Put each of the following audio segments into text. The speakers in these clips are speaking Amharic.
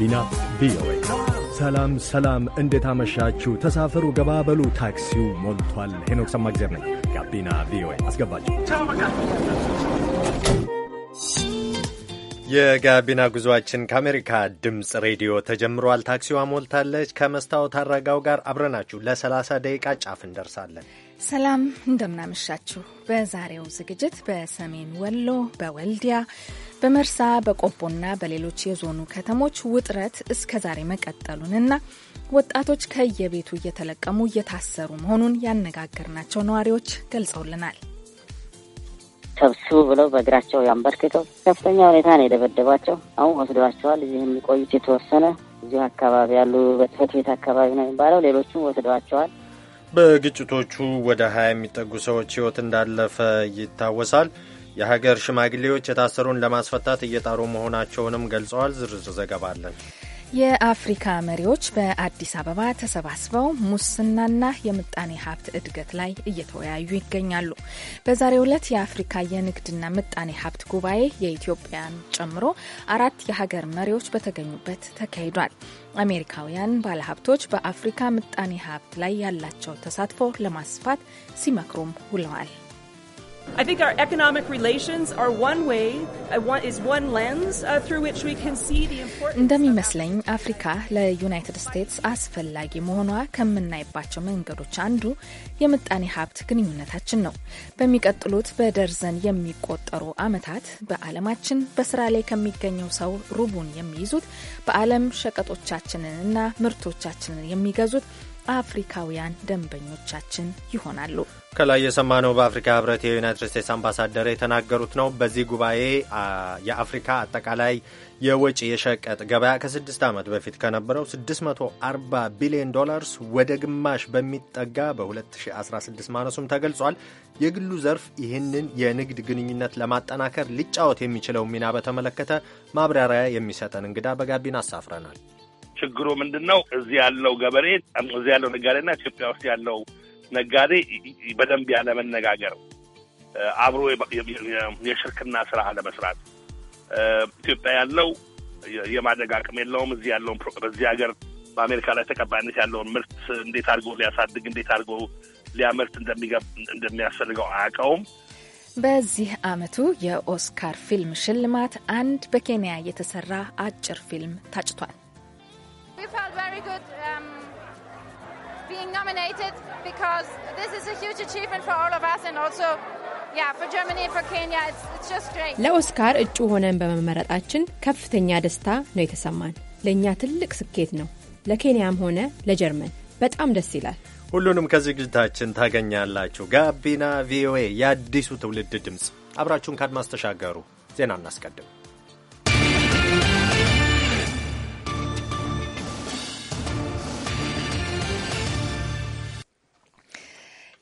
ጋቢና ቪኦኤ። ሰላም ሰላም፣ እንዴት አመሻችሁ? ተሳፈሩ፣ ገባበሉ፣ ታክሲው ሞልቷል። ሄኖክ ሰማግዜር ነኝ። ጋቢና ቪኦኤ አስገባችሁ። የጋቢና ጉዞአችን ከአሜሪካ ድምፅ ሬዲዮ ተጀምሯል። ታክሲዋ ሞልታለች። ከመስታወት አረጋው ጋር አብረናችሁ ለሰላሳ ደቂቃ ጫፍ እንደርሳለን። ሰላም እንደምናመሻችሁ። በዛሬው ዝግጅት በሰሜን ወሎ፣ በወልዲያ፣ በመርሳ፣ በቆቦና በሌሎች የዞኑ ከተሞች ውጥረት እስከ ዛሬ መቀጠሉንና ወጣቶች ከየቤቱ እየተለቀሙ እየታሰሩ መሆኑን ያነጋገርናቸው ነዋሪዎች ገልጸውልናል። ሰብስቡ ብለው በእግራቸው ያንበርክተው ከፍተኛ ሁኔታ ነው የደበደባቸው። አሁን ወስደዋቸዋል። እዚህ የሚቆዩት የተወሰነ እዚሁ አካባቢ ያሉ በጽሕፈት ቤት አካባቢ ነው የሚባለው። ሌሎቹም ወስደዋቸዋል። በግጭቶቹ ወደ 20 የሚጠጉ ሰዎች ሕይወት እንዳለፈ ይታወሳል። የሀገር ሽማግሌዎች የታሰሩን ለማስፈታት እየጣሩ መሆናቸውንም ገልጸዋል። ዝርዝር ዘገባ አለን። የአፍሪካ መሪዎች በአዲስ አበባ ተሰባስበው ሙስናና የምጣኔ ሀብት እድገት ላይ እየተወያዩ ይገኛሉ። በዛሬው ዕለት የአፍሪካ የንግድና ምጣኔ ሀብት ጉባኤ የኢትዮጵያን ጨምሮ አራት የሀገር መሪዎች በተገኙበት ተካሂዷል። አሜሪካውያን ባለሀብቶች በአፍሪካ ምጣኔ ሀብት ላይ ያላቸው ተሳትፎ ለማስፋት ሲመክሩም ውለዋል። I think our economic relations are one way, uh, is one lens uh, through which we can see the importance. እንደሚመስለኝ አፍሪካ ለዩናይትድ ስቴትስ አስፈላጊ መሆኗ ከምናይባቸው መንገዶች አንዱ የምጣኔ ሀብት ግንኙነታችን ነው። በሚቀጥሉት በደርዘን የሚቆጠሩ ዓመታት በዓለማችን በስራ ላይ ከሚገኘው ሰው ሩቡን የሚይዙት በዓለም ሸቀጦቻችንን እና ምርቶቻችንን የሚገዙት አፍሪካውያን ደንበኞቻችን ይሆናሉ። ከላይ የሰማነው በአፍሪካ ህብረት የዩናይትድ ስቴትስ አምባሳደር የተናገሩት ነው። በዚህ ጉባኤ የአፍሪካ አጠቃላይ የወጪ የሸቀጥ ገበያ ከስድስት ዓመት በፊት ከነበረው 640 ቢሊዮን ዶላርስ ወደ ግማሽ በሚጠጋ በ2016 ማነሱም ተገልጿል። የግሉ ዘርፍ ይህንን የንግድ ግንኙነት ለማጠናከር ሊጫወት የሚችለው ሚና በተመለከተ ማብራሪያ የሚሰጠን እንግዳ በጋቢና አሳፍረናል። ችግሩ ምንድን ነው? እዚህ ያለው ገበሬ እዚህ ያለው ነጋዴና ኢትዮጵያ ውስጥ ያለው ነጋዴ በደንብ ያለመነጋገር፣ አብሮ የሽርክና ስራ አለመስራት፣ ኢትዮጵያ ያለው የማደግ አቅም የለውም። እዚህ ያለውን በዚህ ሀገር በአሜሪካ ላይ ተቀባይነት ያለውን ምርት እንዴት አድርጎ ሊያሳድግ እንዴት አድርጎ ሊያመርት እንደሚያስፈልገው አያውቀውም። በዚህ አመቱ የኦስካር ፊልም ሽልማት አንድ በኬንያ የተሰራ አጭር ፊልም ታጭቷል። We felt very good um, being nominated because this is a huge achievement for all of us and also yeah, for for Germany Kenya. It's, it's just great. ለኦስካር እጩ ሆነን በመመረጣችን ከፍተኛ ደስታ ነው የተሰማን። ለእኛ ትልቅ ስኬት ነው፣ ለኬንያም ሆነ ለጀርመን በጣም ደስ ይላል። ሁሉንም ከዝግጅታችን ታገኛላችሁ። ጋቢና ቪኦኤ፣ የአዲሱ ትውልድ ድምፅ። አብራችሁን ካድማስ ተሻገሩ። ዜና እናስቀድም።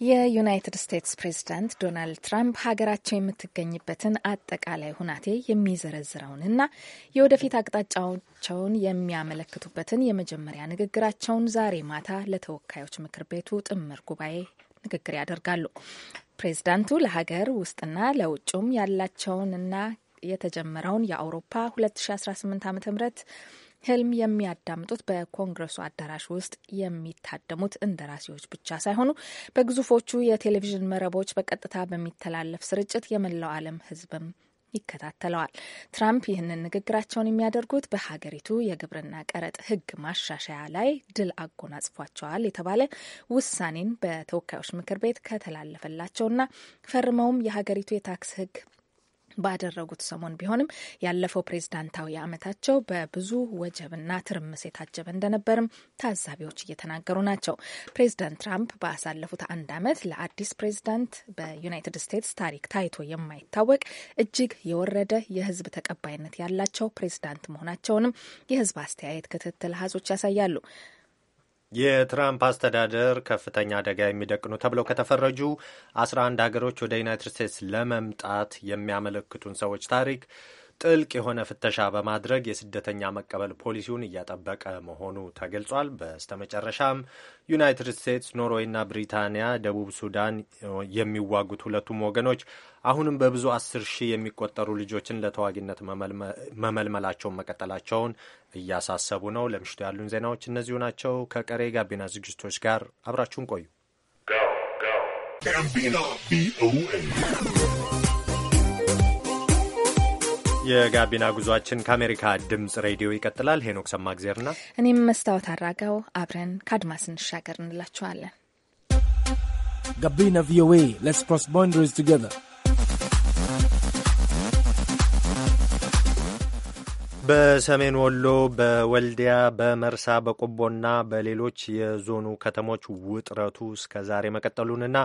የዩናይትድ ስቴትስ ፕሬዚዳንት ዶናልድ ትራምፕ ሀገራቸው የምትገኝበትን አጠቃላይ ሁናቴ የሚዘረዝረውንና የወደፊት አቅጣጫቸውን የሚያመለክቱበትን የመጀመሪያ ንግግራቸውን ዛሬ ማታ ለተወካዮች ምክር ቤቱ ጥምር ጉባኤ ንግግር ያደርጋሉ። ፕሬዚዳንቱ ለሀገር ውስጥና ለውጭም ያላቸውንና የተጀመረውን የአውሮፓ 2018 ዓ ም ህልም የሚያዳምጡት በኮንግረሱ አዳራሽ ውስጥ የሚታደሙት እንደራሴዎች ብቻ ሳይሆኑ በግዙፎቹ የቴሌቪዥን መረቦች በቀጥታ በሚተላለፍ ስርጭት የመላው ዓለም ህዝብም ይከታተለዋል። ትራምፕ ይህንን ንግግራቸውን የሚያደርጉት በሀገሪቱ የግብርና ቀረጥ ህግ ማሻሻያ ላይ ድል አጎናጽፏቸዋል የተባለ ውሳኔን በተወካዮች ምክር ቤት ከተላለፈላቸውና ፈርመውም የሀገሪቱ የታክስ ህግ ባደረጉት ሰሞን ቢሆንም ያለፈው ፕሬዝዳንታዊ ዓመታቸው በብዙ ወጀብና ትርምስ የታጀበ እንደነበርም ታዛቢዎች እየተናገሩ ናቸው። ፕሬዝዳንት ትራምፕ ባሳለፉት አንድ ዓመት ለአዲስ ፕሬዝዳንት በዩናይትድ ስቴትስ ታሪክ ታይቶ የማይታወቅ እጅግ የወረደ የህዝብ ተቀባይነት ያላቸው ፕሬዝዳንት መሆናቸውንም የህዝብ አስተያየት ክትትል አሃዞች ያሳያሉ። የትራምፕ አስተዳደር ከፍተኛ አደጋ የሚደቅኑ ተብለው ከተፈረጁ 11 ሀገሮች ወደ ዩናይትድ ስቴትስ ለመምጣት የሚያመለክቱን ሰዎች ታሪክ ጥልቅ የሆነ ፍተሻ በማድረግ የስደተኛ መቀበል ፖሊሲውን እያጠበቀ መሆኑ ተገልጿል። በስተመጨረሻም ዩናይትድ ስቴትስ፣ ኖርዌይና ብሪታንያ ደቡብ ሱዳን የሚዋጉት ሁለቱም ወገኖች አሁንም በብዙ አስር ሺህ የሚቆጠሩ ልጆችን ለተዋጊነት መመልመላቸውን መቀጠላቸውን እያሳሰቡ ነው። ለምሽቱ ያሉን ዜናዎች እነዚሁ ናቸው። ከቀሬ ጋቢና ዝግጅቶች ጋር አብራችሁን ቆዩ። የጋቢና ጉዟችን ከአሜሪካ ድምፅ ሬዲዮ ይቀጥላል። ሄኖክ ሰማግዜርና እኔም መስታወት አራጋው አብረን ከአድማስ እንሻገር እንላችኋለን። ጋቢና ቪኦኤ ሌትስ ክሮስ ቦንደሪስ ቱጌዘር በሰሜን ወሎ በወልዲያ በመርሳ በቆቦና በሌሎች የዞኑ ከተሞች ውጥረቱ እስከ ዛሬ መቀጠሉንና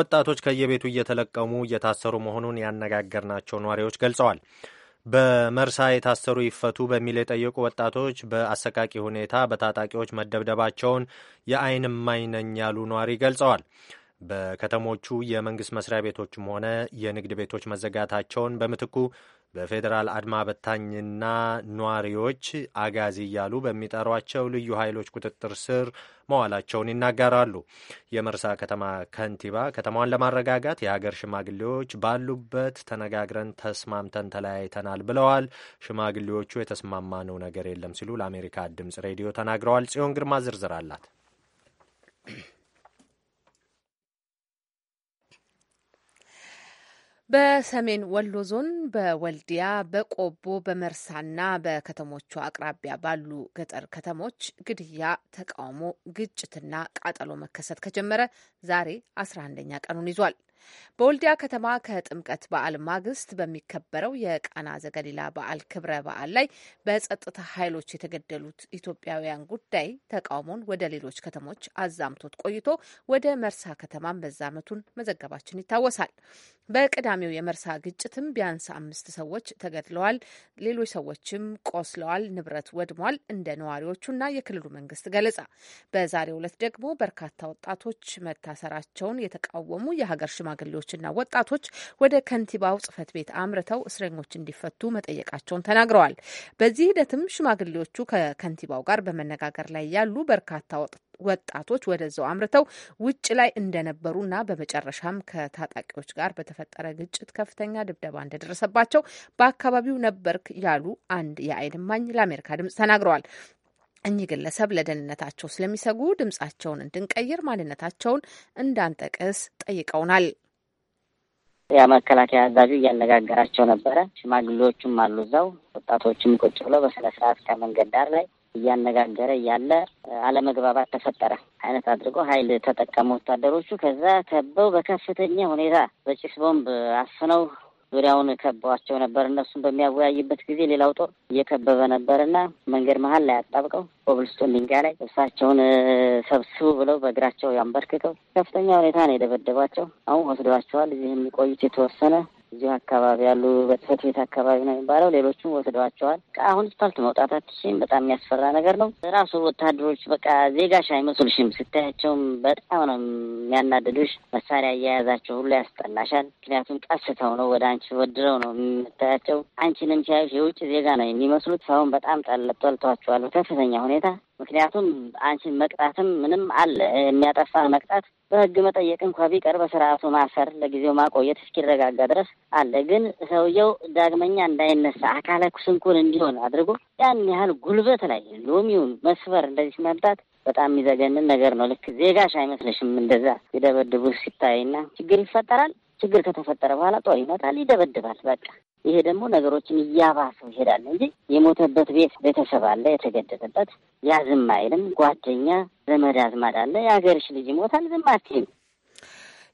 ወጣቶች ከየቤቱ እየተለቀሙ እየታሰሩ መሆኑን ያነጋገርናቸው ነዋሪዎች ገልጸዋል። በመርሳ የታሰሩ ይፈቱ በሚል የጠየቁ ወጣቶች በአሰቃቂ ሁኔታ በታጣቂዎች መደብደባቸውን የአይን እማኝ ነኝ ያሉ ነዋሪ ገልጸዋል። በከተሞቹ የመንግሥት መስሪያ ቤቶችም ሆነ የንግድ ቤቶች መዘጋታቸውን በምትኩ በፌዴራል አድማ በታኝና ነዋሪዎች አጋዚ እያሉ በሚጠሯቸው ልዩ ኃይሎች ቁጥጥር ስር መዋላቸውን ይናገራሉ። የመርሳ ከተማ ከንቲባ ከተማዋን ለማረጋጋት የሀገር ሽማግሌዎች ባሉበት ተነጋግረን ተስማምተን ተለያይተናል ብለዋል። ሽማግሌዎቹ የተስማማነው ነገር የለም ሲሉ ለአሜሪካ ድምጽ ሬዲዮ ተናግረዋል። ጽዮን ግርማ ዝርዝር አላት። በሰሜን ወሎ ዞን በወልዲያ በቆቦ በመርሳና በከተሞቹ አቅራቢያ ባሉ ገጠር ከተሞች ግድያ፣ ተቃውሞ፣ ግጭትና ቃጠሎ መከሰት ከጀመረ ዛሬ 11ኛ ቀኑን ይዟል። በወልዲያ ከተማ ከጥምቀት በዓል ማግስት በሚከበረው የቃና ዘገሊላ በዓል ክብረ በዓል ላይ በጸጥታ ኃይሎች የተገደሉት ኢትዮጵያውያን ጉዳይ ተቃውሞን ወደ ሌሎች ከተሞች አዛምቶት ቆይቶ ወደ መርሳ ከተማም መዛመቱን መዘገባችን ይታወሳል። በቅዳሜው የመርሳ ግጭትም ቢያንስ አምስት ሰዎች ተገድለዋል፣ ሌሎች ሰዎችም ቆስለዋል፣ ንብረት ወድሟል እንደ ነዋሪዎቹና የክልሉ መንግስት ገለጻ። በዛሬው ዕለት ደግሞ በርካታ ወጣቶች መታሰራቸውን የተቃወሙ የሀገር ሽማ ሽማግሌዎችና ወጣቶች ወደ ከንቲባው ጽህፈት ቤት አምርተው እስረኞች እንዲፈቱ መጠየቃቸውን ተናግረዋል። በዚህ ሂደትም ሽማግሌዎቹ ከከንቲባው ጋር በመነጋገር ላይ ያሉ በርካታ ወጣቶች ወደዛው አምርተው ውጭ ላይ እንደነበሩ እና በመጨረሻም ከታጣቂዎች ጋር በተፈጠረ ግጭት ከፍተኛ ድብደባ እንደደረሰባቸው በአካባቢው ነበርክ ያሉ አንድ የአይን እማኝ ለአሜሪካ ድምጽ ተናግረዋል። እኚህ ግለሰብ ለደህንነታቸው ስለሚሰጉ ድምጻቸውን እንድንቀይር ማንነታቸውን እንዳንጠቅስ ጠይቀውናል። ያ መከላከያ አዛዡ እያነጋገራቸው ነበረ። ሽማግሌዎቹም አሉ እዛው፣ ወጣቶችም ቁጭ ብለው በስነ ስርዓት ከመንገድ ዳር ላይ እያነጋገረ እያለ አለመግባባት ተፈጠረ አይነት አድርጎ ኃይል ተጠቀሙ ወታደሮቹ። ከዛ ከበው በከፍተኛ ሁኔታ በጭስ ቦምብ አፍነው ዙሪያውን ከበዋቸው ነበር። እነሱን በሚያወያይበት ጊዜ ሌላው ጦር እየከበበ ነበርና መንገድ መሀል ላይ አጣብቀው ኮብልስቶን ድንጋይ ላይ ልብሳቸውን ሰብስቡ ብለው በእግራቸው ያንበርክከው ከፍተኛ ሁኔታ ነው የደበደባቸው አሁን ወስደዋቸዋል። እዚህ የሚቆዩት የተወሰነ እዚህ አካባቢ ያሉ በጽህፈት ቤት አካባቢ ነው የሚባለው። ሌሎችም ወስደዋቸዋል። አሁን ስፓልት መውጣታችን በጣም የሚያስፈራ ነገር ነው። ራሱ ወታደሮች በቃ ዜጋሽ አይመስሉሽም። ስታያቸውም በጣም ነው የሚያናድዱሽ። መሳሪያ እያያዛቸው ሁሉ ያስጠላሻል። ምክንያቱም ቀስተው ነው ወደ አንቺ ወድረው ነው የምታያቸው። አንቺንም ሲያዩሽ የውጭ ዜጋ ነው የሚመስሉት። ሰውን በጣም ጠልተዋቸዋል በከፍተኛ ሁኔታ። ምክንያቱም አንቺን መቅጣትም ምንም አለ የሚያጠፋ መቅጣት በህግ መጠየቅ እንኳ ቢቀር በስርዓቱ ማሰር፣ ለጊዜው ማቆየት እስኪረጋጋ ድረስ አለ። ግን ሰውየው ዳግመኛ እንዳይነሳ አካለ ስንኩል እንዲሆን አድርጎ ያን ያህል ጉልበት ላይ ሎሚውን ይሁን መስፈር እንደዚህ መምጣት በጣም የሚዘገንን ነገር ነው። ልክ ዜጋሽ አይመስልሽም? እንደዛ ሲደበድቡ ሲታይና ችግር ይፈጠራል። ችግር ከተፈጠረ በኋላ ጦር ይመጣል፣ ይደበድባል። በቃ ይሄ ደግሞ ነገሮችን እያባሰው ይሄዳል እንጂ የሞተበት ቤት ቤተሰብ አለ የተገደለበት፣ ያ ዝም አይልም። ጓደኛ ዘመድ አዝማድ አለ። የሀገርሽ ልጅ ይሞታል፣ ዝም አትይም።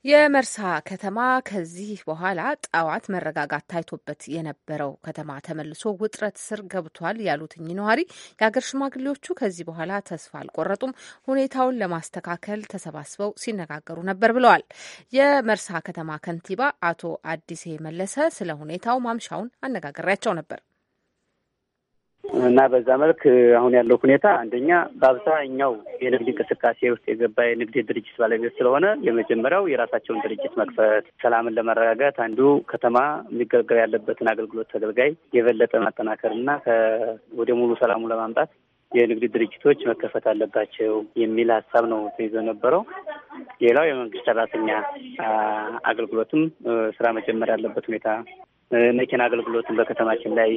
የመርሳ ከተማ ከዚህ በኋላ ጠዋት መረጋጋት ታይቶበት የነበረው ከተማ ተመልሶ ውጥረት ስር ገብቷል ያሉት እኚህ ነዋሪ የሀገር ሽማግሌዎቹ ከዚህ በኋላ ተስፋ አልቆረጡም፣ ሁኔታውን ለማስተካከል ተሰባስበው ሲነጋገሩ ነበር ብለዋል። የመርሳ ከተማ ከንቲባ አቶ አዲሴ መለሰ ስለ ሁኔታው ማምሻውን አነጋግሬያቸው ነበር። እና በዛ መልክ አሁን ያለው ሁኔታ አንደኛ በአብዛኛው የንግድ እንቅስቃሴ ውስጥ የገባ የንግድ ድርጅት ባለቤት ስለሆነ የመጀመሪያው የራሳቸውን ድርጅት መክፈት፣ ሰላምን ለማረጋጋት አንዱ ከተማ የሚገልገል ያለበትን አገልግሎት ተገልጋይ የበለጠ ማጠናከር እና ወደ ሙሉ ሰላሙ ለማምጣት የንግድ ድርጅቶች መከፈት አለባቸው የሚል ሀሳብ ነው ተይዞ ነበረው። ሌላው የመንግስት ሰራተኛ አገልግሎትም ስራ መጀመር ያለበት ሁኔታ መኪና አገልግሎትን በከተማችን ላይ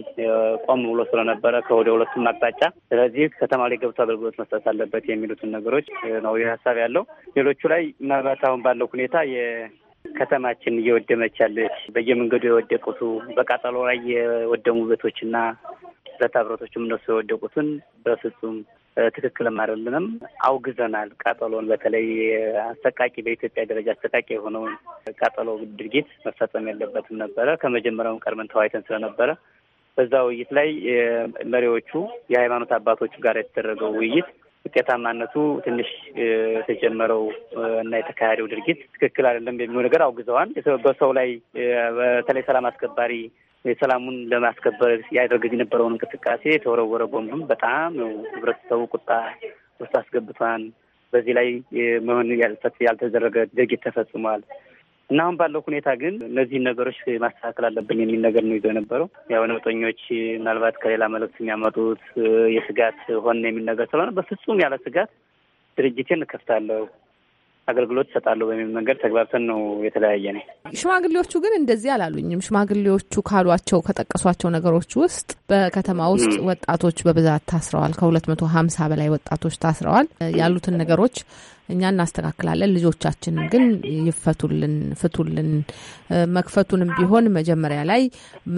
ቆም ብሎ ስለነበረ ከወደ ሁለቱም አቅጣጫ፣ ስለዚህ ከተማ ላይ ገብቶ አገልግሎት መስጠት አለበት የሚሉትን ነገሮች ነው ይህ ሀሳብ ያለው። ሌሎቹ ላይ ምናልባት አሁን ባለው ሁኔታ ከተማችን እየወደመች ያለች በየመንገዱ የወደቁቱ በቃጠሎ ላይ የወደሙ ቤቶችና ብረታ ብረቶችም እነሱ የወደቁትን በፍጹም ትክክልም አይደለንም። አውግዘናል። ቃጠሎን በተለይ አሰቃቂ በኢትዮጵያ ደረጃ አሰቃቂ የሆነውን ቃጠሎ ድርጊት መፈጸም የለበትም ነበረ። ከመጀመሪያውም ቀድመን ተዋይተን ስለነበረ በዛ ውይይት ላይ መሪዎቹ የሃይማኖት አባቶቹ ጋር የተደረገው ውይይት ውጤታማነቱ ትንሽ የተጀመረው እና የተካሄደው ድርጊት ትክክል አይደለም የሚሆን ነገር አውግዘዋል። በሰው ላይ በተለይ ሰላም አስከባሪ ሰላሙን ለማስከበር ያደረገ የነበረውን እንቅስቃሴ የተወረወረ ቦምብም በጣም ነው ህብረተሰቡ ቁጣ ውስጥ አስገብቷን። በዚህ ላይ መሆን ያልተደረገ ድርጊት ተፈጽሟል። እና አሁን ባለው ሁኔታ ግን እነዚህን ነገሮች ማስተካከል አለብን የሚል ነገር ነው ይዞ የነበረው። ያው ነውጠኞች ምናልባት ከሌላ መልእክት የሚያመጡት የስጋት ሆነ የሚል ነገር ስለሆነ በፍጹም ያለ ስጋት ድርጅቴን እከፍታለሁ አገልግሎት ይሰጣለሁ በሚል መንገድ ተግባብተን ነው የተለያየ ነ ሽማግሌዎቹ ግን እንደዚህ አላሉኝም። ሽማግሌዎቹ ካሏቸው ከጠቀሷቸው ነገሮች ውስጥ በከተማ ውስጥ ወጣቶች በብዛት ታስረዋል፣ ከሁለት መቶ ሀምሳ በላይ ወጣቶች ታስረዋል ያሉትን ነገሮች እኛ እናስተካክላለን። ልጆቻችንን ግን ይፈቱልን፣ ፍቱልን። መክፈቱንም ቢሆን መጀመሪያ ላይ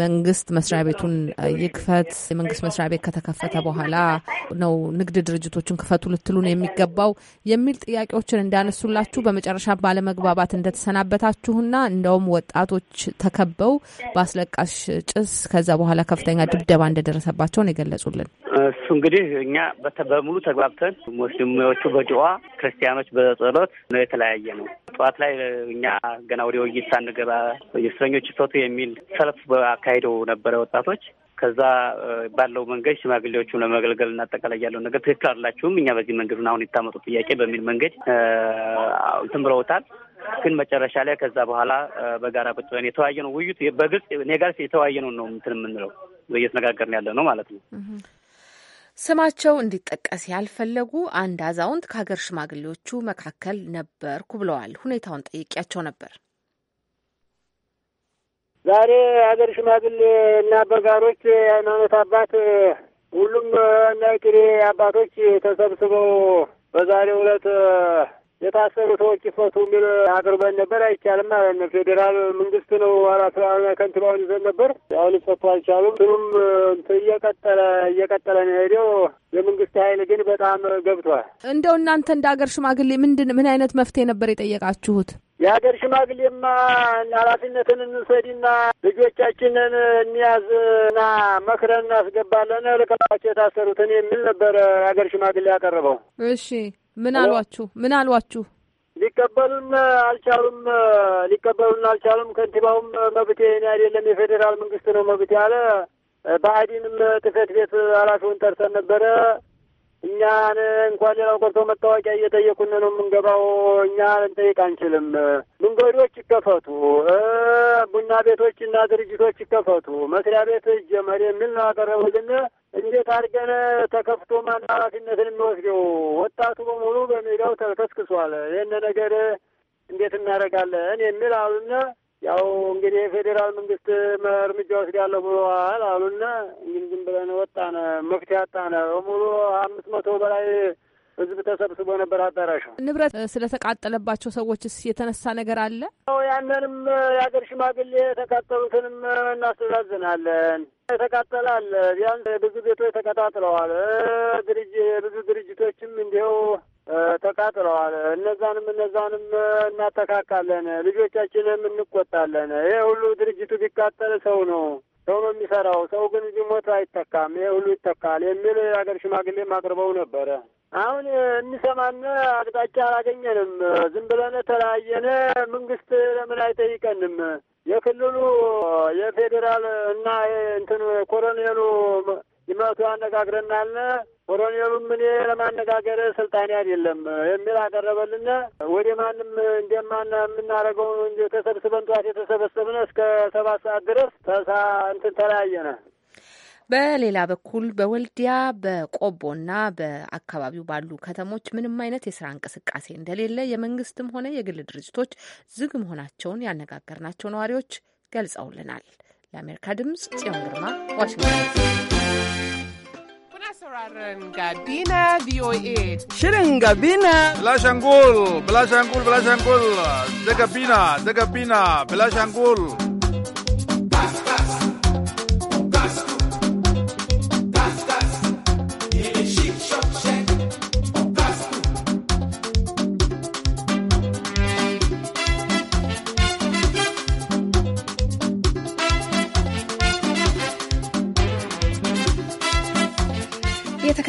መንግስት መስሪያ ቤቱን ይክፈት። የመንግስት መስሪያ ቤት ከተከፈተ በኋላ ነው ንግድ ድርጅቶችን ክፈቱ ልትሉን የሚገባው የሚል ጥያቄዎችን እንዳነሱላችሁ በመጨረሻ ባለመግባባት እንደተሰናበታችሁና እንደውም ወጣቶች ተከበው በአስለቃሽ ጭስ ከዛ በኋላ ከፍተኛ ድብደባ እንደደረሰባቸውን የገለጹልን እሱ እንግዲህ እኛ በሙሉ ተግባብተን ሙስሊሞቹ በድዋ ክርስቲያኖች በጸሎት ነው የተለያየ ነው። ጠዋት ላይ እኛ ገና ወደ ውይይት ሳንገባ የእስረኞች ይፈቱ የሚል ሰልፍ አካሂደው ነበረ ወጣቶች። ከዛ ባለው መንገድ ሽማግሌዎቹን ለመገልገል እና አጠቃላይ ያለውን ነገር ትክክል አላችሁም፣ እኛ በዚህ መንገድ አሁን የታመጡ ጥያቄ በሚል መንገድ እንትን ብለውታል። ግን መጨረሻ ላይ ከዛ በኋላ በጋራ ቁጭ ብለን ነው ውይይቱ በግልጽ እኔ ጋር ነው ነው እንትን የምንለው እየተነጋገርን ያለ ነው ማለት ነው። ስማቸው እንዲጠቀስ ያልፈለጉ አንድ አዛውንት ከሀገር ሽማግሌዎቹ መካከል ነበርኩ ብለዋል። ሁኔታውን ጠይቄያቸው ነበር። ዛሬ ሀገር ሽማግሌ እና አበጋሮች፣ የሃይማኖት አባት፣ ሁሉም እና ቅሬ አባቶች ተሰብስበው በዛሬው ዕለት የታሰሩ ሰዎች ይፈቱ የሚል አቅርበን ነበር። አይቻልም ማለት ነው። ፌዴራል መንግስት ነው አራት ከንቲባውን ይዘን ነበር። አሁን ሊፈቱ አልቻሉም። ስሩም እየቀጠለ እየቀጠለ ነው ሄደው የመንግስት ኃይል ግን በጣም ገብቷል። እንደው እናንተ እንደ ሀገር ሽማግሌ ምንድን ምን አይነት መፍትሄ ነበር የጠየቃችሁት? የሀገር ሽማግሌማ ኃላፊነትን እንውሰድና ልጆቻችንን እንያዝና መክረን እናስገባለን ልቀላቸው የታሰሩትን የሚል ነበር የሀገር ሽማግሌ ያቀረበው። እሺ ምን አሏችሁ? ምን አሏችሁ? ሊቀበሉን አልቻሉም። ሊቀበሉን አልቻሉም። ከንቲባውም መብቴ እኔ አይደለም የፌዴራል መንግስት ነው መብቴ አለ። በአዲንም ጽሕፈት ቤት ኃላፊውን ጠርተን ነበረ። እኛን እንኳን ሌላው ቀርቶ መታወቂያ እየጠየቁን ነው የምንገባው። እኛ ልንጠይቅ አንችልም። መንገዶች ይከፈቱ፣ ቡና ቤቶች እና ድርጅቶች ይከፈቱ፣ መስሪያ ቤት ይጀመር የሚል ነው ያቀረቡልን። እንዴት አድርገን ተከፍቶ ማን ኃላፊነትን የሚወስደው? ወጣቱ በሙሉ በሜዳው ተከስክሷል። ይህን ነገር እንዴት እናደርጋለን የሚል አሉና ያው እንግዲህ የፌዴራል መንግስት እርምጃ ወስዳለሁ ብለዋል አሉና እንግዲህ ዝም ብለን ወጣነ፣ መፍትሄ አጣን። በሙሉ አምስት መቶ በላይ ህዝብ ተሰብስቦ ነበር አዳራሹ። ንብረት ስለተቃጠለባቸው ሰዎችስ የተነሳ ነገር አለ? ያንንም የሀገር ሽማግሌ የተቃጠሉትንም እናስተዛዝናለን ተቃጠላል። ቢያንስ ብዙ ቤቶች ተቀጣጥለዋል። ድርጅ ብዙ ድርጅቶችም እንዲሁ ተቃጥለዋል። እነዛንም እነዛንም እናተካካለን፣ ልጆቻችንም እንቆጣለን። ይህ ሁሉ ድርጅቱ ቢቃጠል ሰው ነው ሰው ነው የሚሰራው። ሰው ግን ቢሞት አይተካም። ይህ ሁሉ ይተካል የሚል የሀገር ሽማግሌም አቅርበው ነበረ። አሁን የሚሰማን አቅጣጫ አላገኘንም። ዝም ብለን ተለያየን። መንግስት ለምን አይጠይቀንም? የክልሉ የፌዴራል እና እንትን ኮሎኔሉ ይመቱ ያነጋግረናል። ኮሎኔሉም እኔ ለማነጋገር ስልጣኔ አይደለም የሚል አቀረበልን። ወደ ማንም እንደማና የምናደርገውን ተሰብስበን ጠዋት የተሰበሰብነ እስከ ሰባት ሰዓት ድረስ ተሳ እንትን ተለያየነ። በሌላ በኩል በወልዲያ በቆቦና በአካባቢው ባሉ ከተሞች ምንም አይነት የስራ እንቅስቃሴ እንደሌለ የመንግስትም ሆነ የግል ድርጅቶች ዝግ መሆናቸውን ያነጋገርናቸው ነዋሪዎች ገልጸውልናል። ለአሜሪካ ድምጽ ጽዮን ግርማ ዋሽንግተን። Shirin Gabina.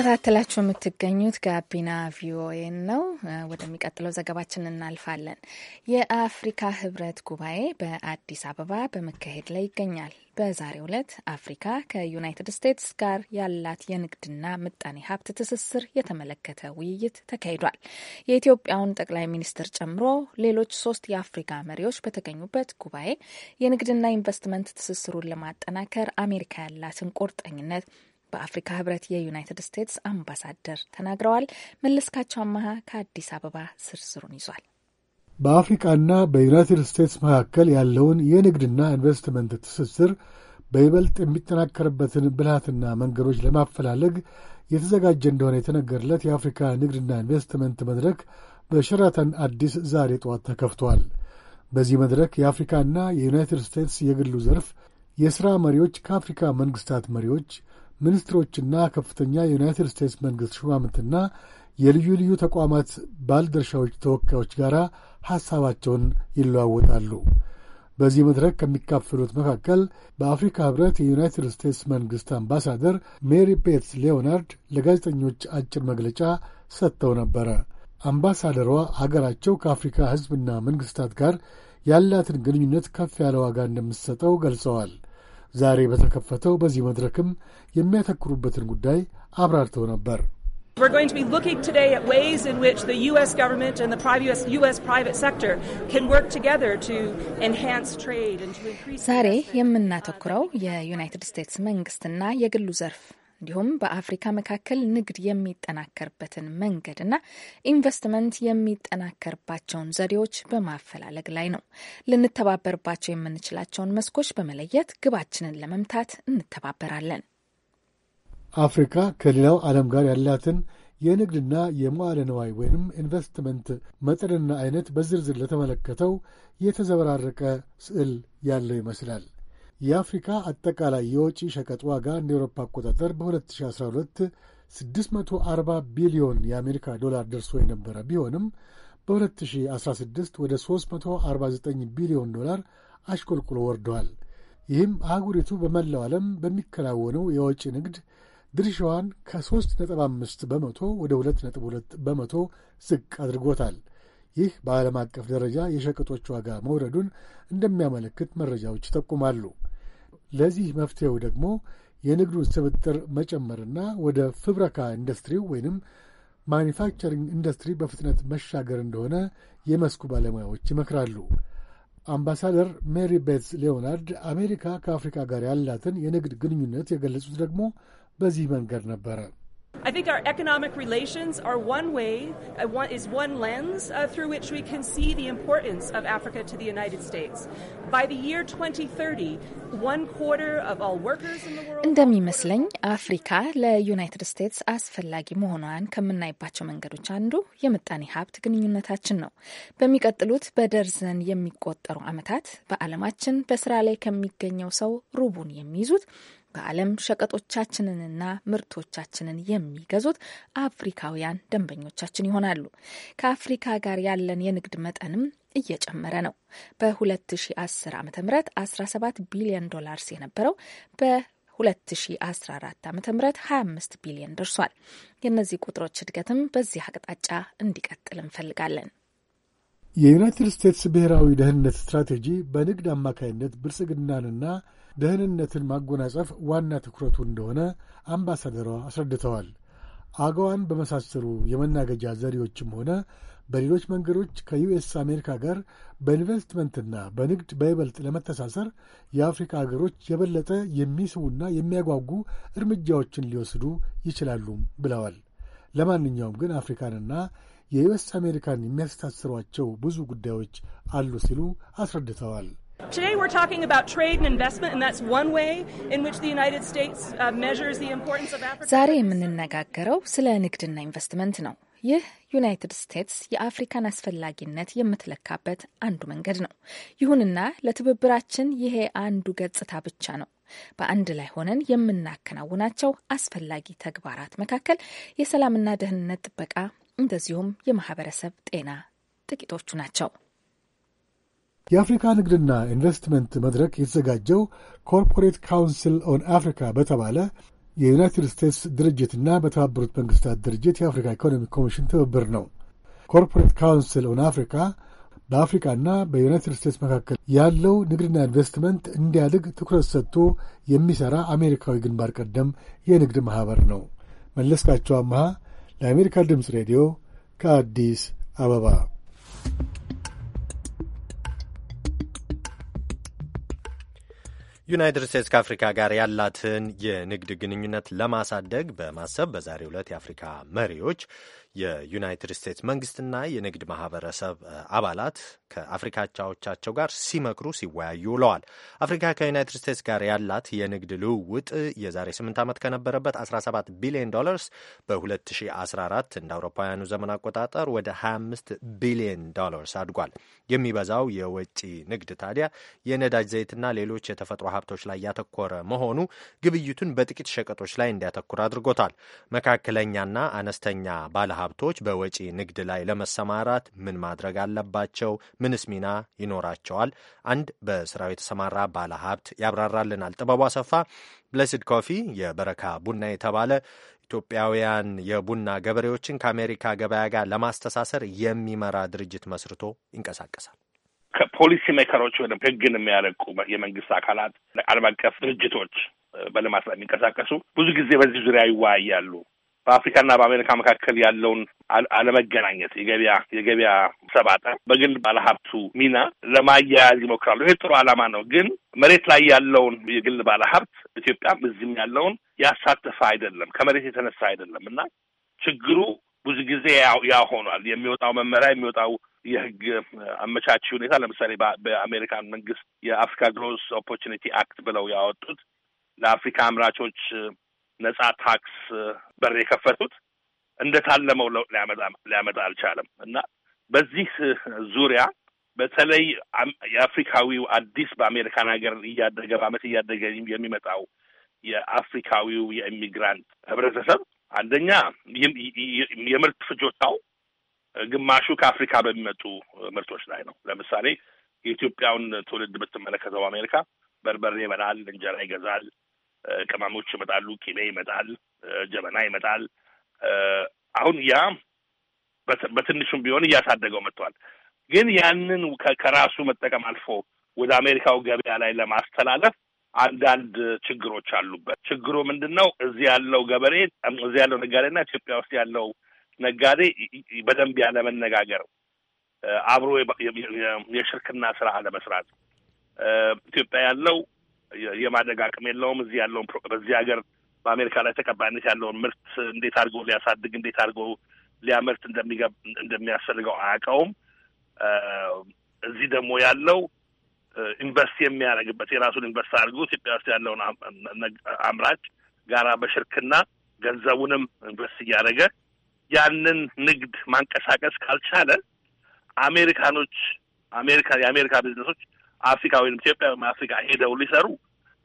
እየተከታተላችሁ የምትገኙት ጋቢና ቪኦኤ ነው። ወደሚቀጥለው ዘገባችን እናልፋለን። የአፍሪካ ህብረት ጉባኤ በአዲስ አበባ በመካሄድ ላይ ይገኛል። በዛሬው ዕለት አፍሪካ ከዩናይትድ ስቴትስ ጋር ያላት የንግድና ምጣኔ ሀብት ትስስር የተመለከተ ውይይት ተካሂዷል። የኢትዮጵያውን ጠቅላይ ሚኒስትር ጨምሮ ሌሎች ሶስት የአፍሪካ መሪዎች በተገኙበት ጉባኤ የንግድና ኢንቨስትመንት ትስስሩን ለማጠናከር አሜሪካ ያላትን ቁርጠኝነት በአፍሪካ ህብረት የዩናይትድ ስቴትስ አምባሳደር ተናግረዋል። መለስካቸው አመሃ ከአዲስ አበባ ዝርዝሩን ይዟል። በአፍሪካና በዩናይትድ ስቴትስ መካከል ያለውን የንግድና ኢንቨስትመንት ትስስር በይበልጥ የሚጠናከርበትን ብልሃትና መንገዶች ለማፈላለግ የተዘጋጀ እንደሆነ የተነገረለት የአፍሪካ ንግድና ኢንቨስትመንት መድረክ በሸራተን አዲስ ዛሬ ጠዋት ተከፍቷል። በዚህ መድረክ የአፍሪካና የዩናይትድ ስቴትስ የግሉ ዘርፍ የሥራ መሪዎች ከአፍሪካ መንግሥታት መሪዎች ሚኒስትሮችና ከፍተኛ የዩናይትድ ስቴትስ መንግሥት ሹማምንትና የልዩ ልዩ ተቋማት ባለድርሻዎች ተወካዮች ጋር ሐሳባቸውን ይለዋወጣሉ። በዚህ መድረክ ከሚካፈሉት መካከል በአፍሪካ ኅብረት የዩናይትድ ስቴትስ መንግሥት አምባሳደር ሜሪ ቤትስ ሌዮናርድ ለጋዜጠኞች አጭር መግለጫ ሰጥተው ነበረ። አምባሳደሯ ሀገራቸው ከአፍሪካ ሕዝብና መንግሥታት ጋር ያላትን ግንኙነት ከፍ ያለ ዋጋ እንደምትሰጠው ገልጸዋል። ዛሬ በተከፈተው በዚህ መድረክም የሚያተክሩበትን ጉዳይ አብራርተው ነበር። We're going to be looking today at ways in which the U.S. government and the private US, U.S. private sector can work together to enhance trade and to increase... ዛሬ የምናተኩረው የዩናይትድ ስቴትስ መንግስትና የግሉ ዘርፍ እንዲሁም በአፍሪካ መካከል ንግድ የሚጠናከርበትን መንገድና ኢንቨስትመንት የሚጠናከርባቸውን ዘዴዎች በማፈላለግ ላይ ነው። ልንተባበርባቸው የምንችላቸውን መስኮች በመለየት ግባችንን ለመምታት እንተባበራለን። አፍሪካ ከሌላው ዓለም ጋር ያላትን የንግድና የመዋለ ነዋይ ወይም ኢንቨስትመንት መጠንና አይነት በዝርዝር ለተመለከተው የተዘበራረቀ ስዕል ያለው ይመስላል። የአፍሪካ አጠቃላይ የወጪ ሸቀጥ ዋጋ እንደ ኤሮፓ አቆጣጠር በ2012 640 ቢሊዮን የአሜሪካ ዶላር ደርሶ የነበረ ቢሆንም በ2016 ወደ 349 ቢሊዮን ዶላር አሽቆልቁሎ ወርደዋል። ይህም አህጉሪቱ በመላው ዓለም በሚከናወነው የወጪ ንግድ ድርሻዋን ከ3.5 በመቶ ወደ 2.2 በመቶ ዝቅ አድርጎታል። ይህ በዓለም አቀፍ ደረጃ የሸቀጦች ዋጋ መውረዱን እንደሚያመለክት መረጃዎች ይጠቁማሉ። ለዚህ መፍትሄው ደግሞ የንግዱን ስብጥር መጨመርና ወደ ፍብረካ ኢንዱስትሪው ወይንም ማኒፋክቸሪንግ ኢንዱስትሪ በፍጥነት መሻገር እንደሆነ የመስኩ ባለሙያዎች ይመክራሉ። አምባሳደር ሜሪ ቤትስ ሌዮናርድ አሜሪካ ከአፍሪካ ጋር ያላትን የንግድ ግንኙነት የገለጹት ደግሞ በዚህ መንገድ ነበረ። I think our economic relations are one way, uh, is one lens uh, through which we can see the importance of Africa to the United States. By the year 2030, one quarter of all workers in the world... እንደሚመስለኝ አፍሪካ ለዩናይትድ ስቴትስ አስፈላጊ መሆኗን ከምናይባቸው መንገዶች አንዱ የምጣኔ ሀብት ግንኙነታችን ነው። በሚቀጥሉት በደርዘን የሚቆጠሩ ዓመታት በዓለማችን በስራ ላይ ከሚገኘው ሰው ሩቡን የሚይዙት በዓለም ሸቀጦቻችንንና ምርቶቻችንን የሚገዙት አፍሪካውያን ደንበኞቻችን ይሆናሉ። ከአፍሪካ ጋር ያለን የንግድ መጠንም እየጨመረ ነው። በ2010 ዓ ም 17 ቢሊዮን ዶላርስ የነበረው በ 2014 ዓ ም 25 ቢሊዮን ደርሷል። የእነዚህ ቁጥሮች እድገትም በዚህ አቅጣጫ እንዲቀጥል እንፈልጋለን። የዩናይትድ ስቴትስ ብሔራዊ ደህንነት ስትራቴጂ በንግድ አማካይነት ብልጽግናንና ደህንነትን ማጎናጸፍ ዋና ትኩረቱ እንደሆነ አምባሳደሯ አስረድተዋል። አገዋን በመሳሰሉ የመናገጃ ዘዴዎችም ሆነ በሌሎች መንገዶች ከዩኤስ አሜሪካ ጋር በኢንቨስትመንትና በንግድ በይበልጥ ለመተሳሰር የአፍሪካ ሀገሮች የበለጠ የሚስቡና የሚያጓጉ እርምጃዎችን ሊወስዱ ይችላሉም ብለዋል። ለማንኛውም ግን አፍሪካንና የዩኤስ አሜሪካን የሚያስተሳስሯቸው ብዙ ጉዳዮች አሉ ሲሉ አስረድተዋል። ዛሬ የምንነጋገረው ስለ ንግድና ኢንቨስትመንት ነው። ይህ ዩናይትድ ስቴትስ የአፍሪካን አስፈላጊነት የምትለካበት አንዱ መንገድ ነው። ይሁንና ለትብብራችን ይሄ አንዱ ገጽታ ብቻ ነው። በአንድ ላይ ሆነን የምናከናውናቸው አስፈላጊ ተግባራት መካከል የሰላምና ደህንነት ጥበቃ እንደዚሁም የማህበረሰብ ጤና ጥቂቶቹ ናቸው። የአፍሪካ ንግድና ኢንቨስትመንት መድረክ የተዘጋጀው ኮርፖሬት ካውንስል ኦን አፍሪካ በተባለ የዩናይትድ ስቴትስ ድርጅትና በተባበሩት መንግስታት ድርጅት የአፍሪካ ኢኮኖሚክ ኮሚሽን ትብብር ነው። ኮርፖሬት ካውንስል ኦን አፍሪካ በአፍሪካና በዩናይትድ ስቴትስ መካከል ያለው ንግድና ኢንቨስትመንት እንዲያድግ ትኩረት ሰጥቶ የሚሠራ አሜሪካዊ ግንባር ቀደም የንግድ ማኅበር ነው። መለስካቸው አመሃ ለአሜሪካ ድምፅ ሬዲዮ ከአዲስ አበባ ዩናይትድ ስቴትስ ከአፍሪካ ጋር ያላትን የንግድ ግንኙነት ለማሳደግ በማሰብ በዛሬው ዕለት የአፍሪካ መሪዎች የዩናይትድ ስቴትስ መንግስትና የንግድ ማህበረሰብ አባላት ከአፍሪካ አቻዎቻቸው ጋር ሲመክሩ ሲወያዩ ውለዋል። አፍሪካ ከዩናይትድ ስቴትስ ጋር ያላት የንግድ ልውውጥ የዛሬ 8 ዓመት ከነበረበት 17 ቢሊዮን ዶላርስ በ2014 እንደ አውሮፓውያኑ ዘመን አቆጣጠር ወደ 25 ቢሊዮን ዶላርስ አድጓል። የሚበዛው የወጪ ንግድ ታዲያ የነዳጅ ዘይትና ሌሎች የተፈጥሮ ሀብቶች ላይ ያተኮረ መሆኑ ግብይቱን በጥቂት ሸቀጦች ላይ እንዲያተኩር አድርጎታል። መካከለኛና አነስተኛ ባለሀ ባለሀብቶች በወጪ ንግድ ላይ ለመሰማራት ምን ማድረግ አለባቸው? ምንስ ሚና ይኖራቸዋል? አንድ በስራው የተሰማራ ባለሀብት ያብራራልናል። ጥበቡ አሰፋ ብለስድ ኮፊ የበረካ ቡና የተባለ ኢትዮጵያውያን የቡና ገበሬዎችን ከአሜሪካ ገበያ ጋር ለማስተሳሰር የሚመራ ድርጅት መስርቶ ይንቀሳቀሳል። ከፖሊሲ ሜከሮች ወይም ህግን የሚያረቁ የመንግስት አካላት፣ ዓለም አቀፍ ድርጅቶች በልማት ላይ የሚንቀሳቀሱ ብዙ ጊዜ በዚህ ዙሪያ ይወያያሉ። በአፍሪካና በአሜሪካ መካከል ያለውን አለመገናኘት የገበያ የገበያ ሰባጠ በግል ባለሀብቱ ሚና ለማያያዝ ይሞክራሉ። ይሄ ጥሩ ዓላማ ነው፣ ግን መሬት ላይ ያለውን የግል ባለሀብት ኢትዮጵያም እዚህም ያለውን ያሳተፈ አይደለም፣ ከመሬት የተነሳ አይደለም እና ችግሩ ብዙ ጊዜ ያ ሆኗል። የሚወጣው መመሪያ የሚወጣው የህግ አመቻቺ ሁኔታ ለምሳሌ በአሜሪካን መንግስት የአፍሪካ ግሮስ ኦፖርቹኒቲ አክት ብለው ያወጡት ለአፍሪካ አምራቾች ነጻ ታክስ በር የከፈቱት እንደታለመው ለውጥ ሊያመጣ አልቻለም እና በዚህ ዙሪያ በተለይ የአፍሪካዊው አዲስ በአሜሪካን ሀገር እያደገ በአመት እያደገ የሚመጣው የአፍሪካዊው የኢሚግራንት ህብረተሰብ አንደኛ የምርት ፍጆታው ግማሹ ከአፍሪካ በሚመጡ ምርቶች ላይ ነው። ለምሳሌ የኢትዮጵያውን ትውልድ ብትመለከተው አሜሪካ በርበሬ ይበላል፣ እንጀራ ይገዛል፣ ቅመሞች ይመጣሉ፣ ቂቤ ይመጣል፣ ጀበና ይመጣል። አሁን ያ በትንሹም ቢሆን እያሳደገው መጥቷል። ግን ያንን ከራሱ መጠቀም አልፎ ወደ አሜሪካው ገበያ ላይ ለማስተላለፍ አንዳንድ ችግሮች አሉበት። ችግሩ ምንድን ነው? እዚህ ያለው ገበሬ እዚህ ያለው ነጋዴና ኢትዮጵያ ውስጥ ያለው ነጋዴ በደንብ ያለመነጋገር፣ አብሮ የሽርክና ስራ ለመስራት ኢትዮጵያ ያለው የማደግ አቅም የለውም። እዚህ ያለውን በዚህ ሀገር በአሜሪካ ላይ ተቀባይነት ያለውን ምርት እንዴት አድርጎ ሊያሳድግ እንዴት አድርጎ ሊያመርት እንደሚያስፈልገው አያውቀውም። እዚህ ደግሞ ያለው ኢንቨስት የሚያደርግበት የራሱን ኢንቨስት አድርጎ ኢትዮጵያ ውስጥ ያለውን አምራች ጋራ በሽርክና ገንዘቡንም ኢንቨስት እያደረገ ያንን ንግድ ማንቀሳቀስ ካልቻለ አሜሪካኖች አሜሪካ የአሜሪካ ቢዝነሶች አፍሪካ ወይም ኢትዮጵያ ወይም አፍሪካ ሄደው ሊሰሩ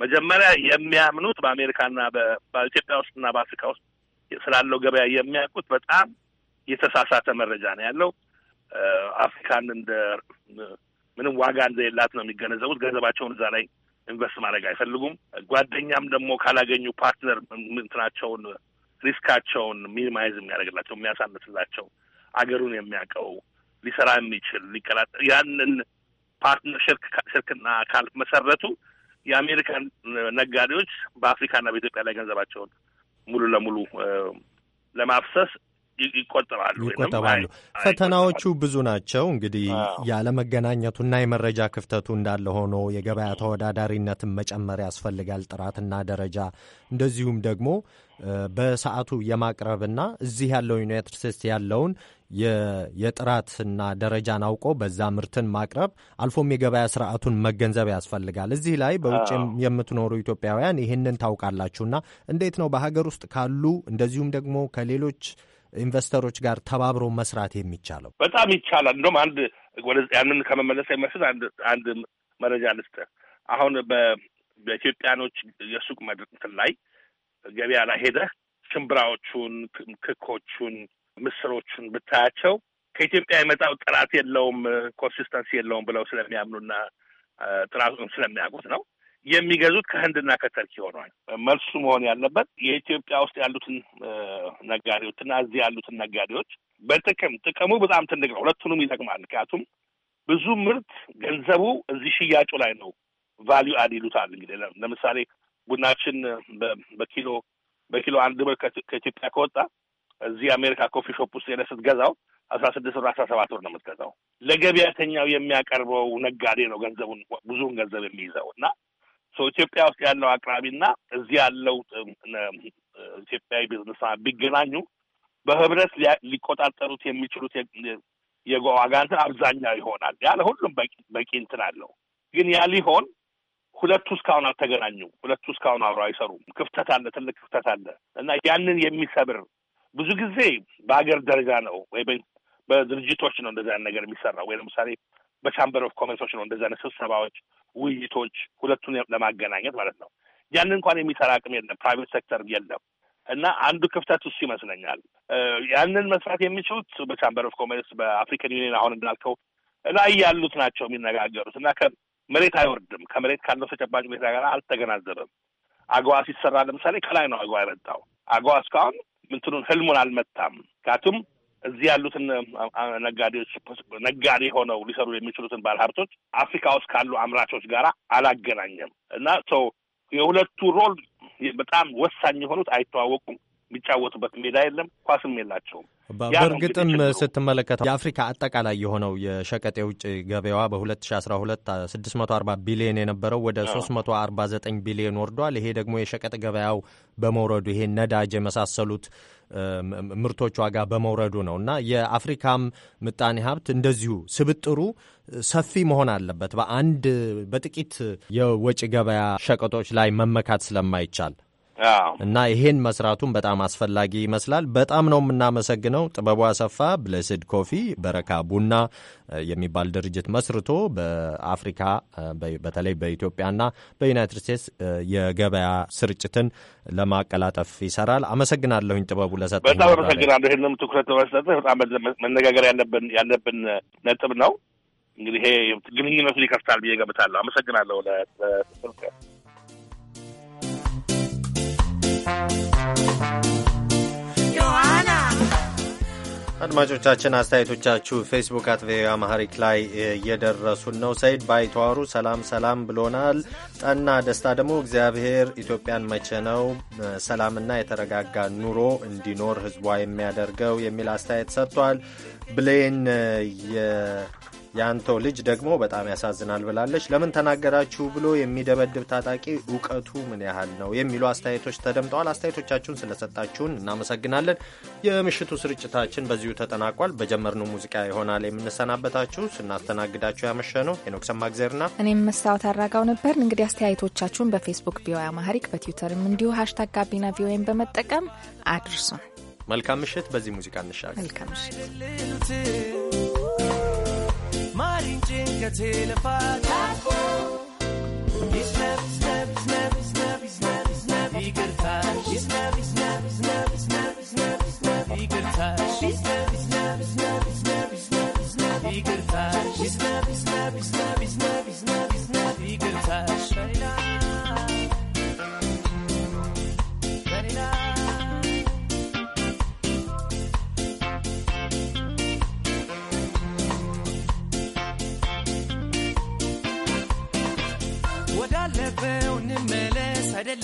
መጀመሪያ የሚያምኑት በአሜሪካና በኢትዮጵያ ውስጥና በአፍሪካ ውስጥ ስላለው ገበያ የሚያውቁት በጣም የተሳሳተ መረጃ ነው ያለው። አፍሪካን እንደ ምንም ዋጋ እንደሌላት ነው የሚገነዘቡት። ገንዘባቸውን እዛ ላይ ኢንቨስት ማድረግ አይፈልጉም። ጓደኛም ደግሞ ካላገኙ ፓርትነር እንትናቸውን ሪስካቸውን ሚኒማይዝ የሚያደርግላቸው የሚያሳንስላቸው አገሩን የሚያውቀው ሊሰራ የሚችል ሊቀላጠ ያንን ፓርትነርሽፕ ሽርክና መሰረቱ የአሜሪካን ነጋዴዎች በአፍሪካና በኢትዮጵያ ላይ ገንዘባቸውን ሙሉ ለሙሉ ለማፍሰስ ይቆጠባሉ ይቆጠባሉ። ፈተናዎቹ ብዙ ናቸው። እንግዲህ ያለመገናኘቱና የመረጃ ክፍተቱ እንዳለ ሆኖ የገበያ ተወዳዳሪነትን መጨመር ያስፈልጋል፣ ጥራትና ደረጃ እንደዚሁም ደግሞ በሰዓቱ የማቅረብና እዚህ ያለው ዩናይትድ ስቴትስ ያለውን የጥራትና ደረጃን አውቆ በዛ ምርትን ማቅረብ አልፎም የገበያ ስርዓቱን መገንዘብ ያስፈልጋል። እዚህ ላይ በውጭ የምትኖሩ ኢትዮጵያውያን ይህንን ታውቃላችሁና እንዴት ነው በሀገር ውስጥ ካሉ እንደዚሁም ደግሞ ከሌሎች ኢንቨስተሮች ጋር ተባብሮ መስራት የሚቻለው? በጣም ይቻላል። እንደውም አንድ ያንን ከመመለስ የሚያስት አንድ መረጃ ልስጥ። አሁን በኢትዮጵያኖች የሱቅ መድረክ ላይ ገበያ ላይ ሄደህ ሽምብራዎቹን፣ ክኮቹን፣ ምስሮቹን ብታያቸው ከኢትዮጵያ የመጣው ጥራት የለውም ኮንሲስተንሲ የለውም ብለው ስለሚያምኑና ጥራቱን ስለሚያውቁት ነው። የሚገዙት ከህንድና ከተርኪ ሆኗል። መልሱ መሆን ያለበት የኢትዮጵያ ውስጥ ያሉትን ነጋዴዎችና እዚህ ያሉትን ነጋዴዎች በጥቅም ጥቅሙ በጣም ትልቅ ነው። ሁለቱንም ይጠቅማል። ምክንያቱም ብዙ ምርት ገንዘቡ እዚህ ሽያጩ ላይ ነው። ቫሊዩ አድ ይሉታል እንግዲህ ለምሳሌ ቡናችን በኪሎ በኪሎ አንድ ብር ከኢትዮጵያ ከወጣ እዚህ የአሜሪካ ኮፊ ሾፕ ውስጥ ሄደህ ስትገዛው አስራ ስድስት ብር አስራ ሰባት ብር ነው የምትገዛው። ለገበያተኛው የሚያቀርበው ነጋዴ ነው ገንዘቡን ብዙውን ገንዘብ የሚይዘው እና ኢትዮጵያ ውስጥ ያለው አቅራቢና እዚህ ያለው ኢትዮጵያዊ ቢዝነስ ቢገናኙ በህብረት ሊቆጣጠሩት የሚችሉት የዋጋ እንትን አብዛኛው ይሆናል። ያለ ሁሉም በቂ እንትን አለው። ግን ያ ሊሆን ሁለቱ እስካሁን አልተገናኙ፣ ሁለቱ እስካሁን አብሮ አይሰሩም። ክፍተት አለ፣ ትልቅ ክፍተት አለ እና ያንን የሚሰብር ብዙ ጊዜ በሀገር ደረጃ ነው ወይ በድርጅቶች ነው እንደዚያ ነገር የሚሰራው ወይ ለምሳሌ በቻምበር ኦፍ ኮሜርሶች ነው እንደዚህ አይነት ስብሰባዎች፣ ውይይቶች ሁለቱን ለማገናኘት ማለት ነው። ያን እንኳን የሚሰራ አቅም የለም፣ ፕራይቬት ሴክተር የለም። እና አንዱ ክፍተት እሱ ይመስለኛል። ያንን መስራት የሚችሉት በቻምበር ኦፍ ኮሜርስ በአፍሪካን ዩኒየን አሁን እንዳልከው ላይ ያሉት ናቸው የሚነጋገሩት እና ከመሬት አይወርድም። ከመሬት ካለው ተጨባጭ ሁኔታ ጋር አልተገናዘበም። አገዋ ሲሰራ ለምሳሌ ከላይ ነው አገዋ የመጣው። አገዋ እስካሁን ምንትኑን ህልሙን አልመታም። ምክንያቱም እዚህ ያሉትን ነጋዴዎች ነጋዴ ሆነው ሊሰሩ የሚችሉትን ባለሀብቶች አፍሪካ ውስጥ ካሉ አምራቾች ጋር አላገናኘም እና ሰው የሁለቱ ሮል በጣም ወሳኝ የሆኑት አይተዋወቁም። የሚጫወቱበት ሜዳ የለም፣ ኳስም የላቸውም። በእርግጥም ስትመለከተው የአፍሪካ አጠቃላይ የሆነው የሸቀጥ የውጭ ገበያዋ በ2012 640 ቢሊዮን የነበረው ወደ 349 ቢሊዮን ወርዷል። ይሄ ደግሞ የሸቀጥ ገበያው በመውረዱ ይሄ ነዳጅ የመሳሰሉት ምርቶች ዋጋ በመውረዱ ነው እና የአፍሪካም ምጣኔ ሀብት እንደዚሁ ስብጥሩ ሰፊ መሆን አለበት በአንድ በጥቂት የወጪ ገበያ ሸቀጦች ላይ መመካት ስለማይቻል እና ይሄን መስራቱን በጣም አስፈላጊ ይመስላል። በጣም ነው የምናመሰግነው። ጥበቡ አሰፋ ብለስድ ኮፊ በረካ ቡና የሚባል ድርጅት መስርቶ በአፍሪካ በተለይ በኢትዮጵያና በዩናይትድ ስቴትስ የገበያ ስርጭትን ለማቀላጠፍ ይሰራል። አመሰግናለሁኝ ጥበቡ ለሰጠ በጣም አመሰግናለሁ። ይህንም ትኩረት በመስጠት በጣም መነጋገር ያለብን ነጥብ ነው። እንግዲህ ይሄ ግንኙነቱን ይከፍታል ብዬ ገምታለሁ። አመሰግናለሁ። አድማጮቻችን አስተያየቶቻችሁ ፌስቡክ አት ቪኦኤ አማሪክ ላይ እየደረሱን ነው። ሰይድ ባይተዋሩ ሰላም ሰላም ብሎናል። ጠና ደስታ ደግሞ እግዚአብሔር ኢትዮጵያን መቼ ነው ሰላምና የተረጋጋ ኑሮ እንዲኖር ህዝቧ የሚያደርገው የሚል አስተያየት ሰጥቷል። ብሌን የአንተው ልጅ ደግሞ በጣም ያሳዝናል ብላለች። ለምን ተናገራችሁ ብሎ የሚደበድብ ታጣቂ እውቀቱ ምን ያህል ነው የሚሉ አስተያየቶች ተደምጠዋል። አስተያየቶቻችሁን ስለሰጣችሁን እናመሰግናለን። የምሽቱ ስርጭታችን በዚሁ ተጠናቋል። በጀመርነው ሙዚቃ ይሆናል የምንሰናበታችሁ። ስናስተናግዳችሁ ያመሸ ነው ሄኖክ ሰማግዜርና እኔም መስታወት አድራጋው ነበር። እንግዲህ አስተያየቶቻችሁን በፌስቡክ ቪኦኤ አማህሪክ በትዊተርም እንዲሁ ሀሽታግ ጋቢና ቪኦኤን በመጠቀም አድርሱን። መልካም ምሽት። በዚህ ሙዚቃ እንሻገር። መልካም ምሽት። Marincinka telefat Taco I snap, snap, snap, snap, snap, snap Igrtaş I snap, snap, snap, snap, snap, snap Igrtaş I snap, snap, snap, snap, snap, snap Igrtaş I snap, snap, snap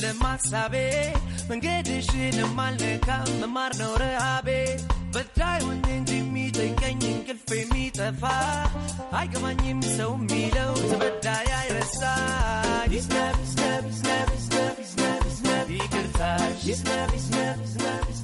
አይደለም ሀሳቤ መንገድሽንም አልነካም መማር ነው ረሃቤ በዳይሆን እንጂ የሚጠይቀኝ እንቅልፍ የሚጠፋ አይገባኝም ሰው የሚለው ተበዳይ አይረሳ ይቅርታ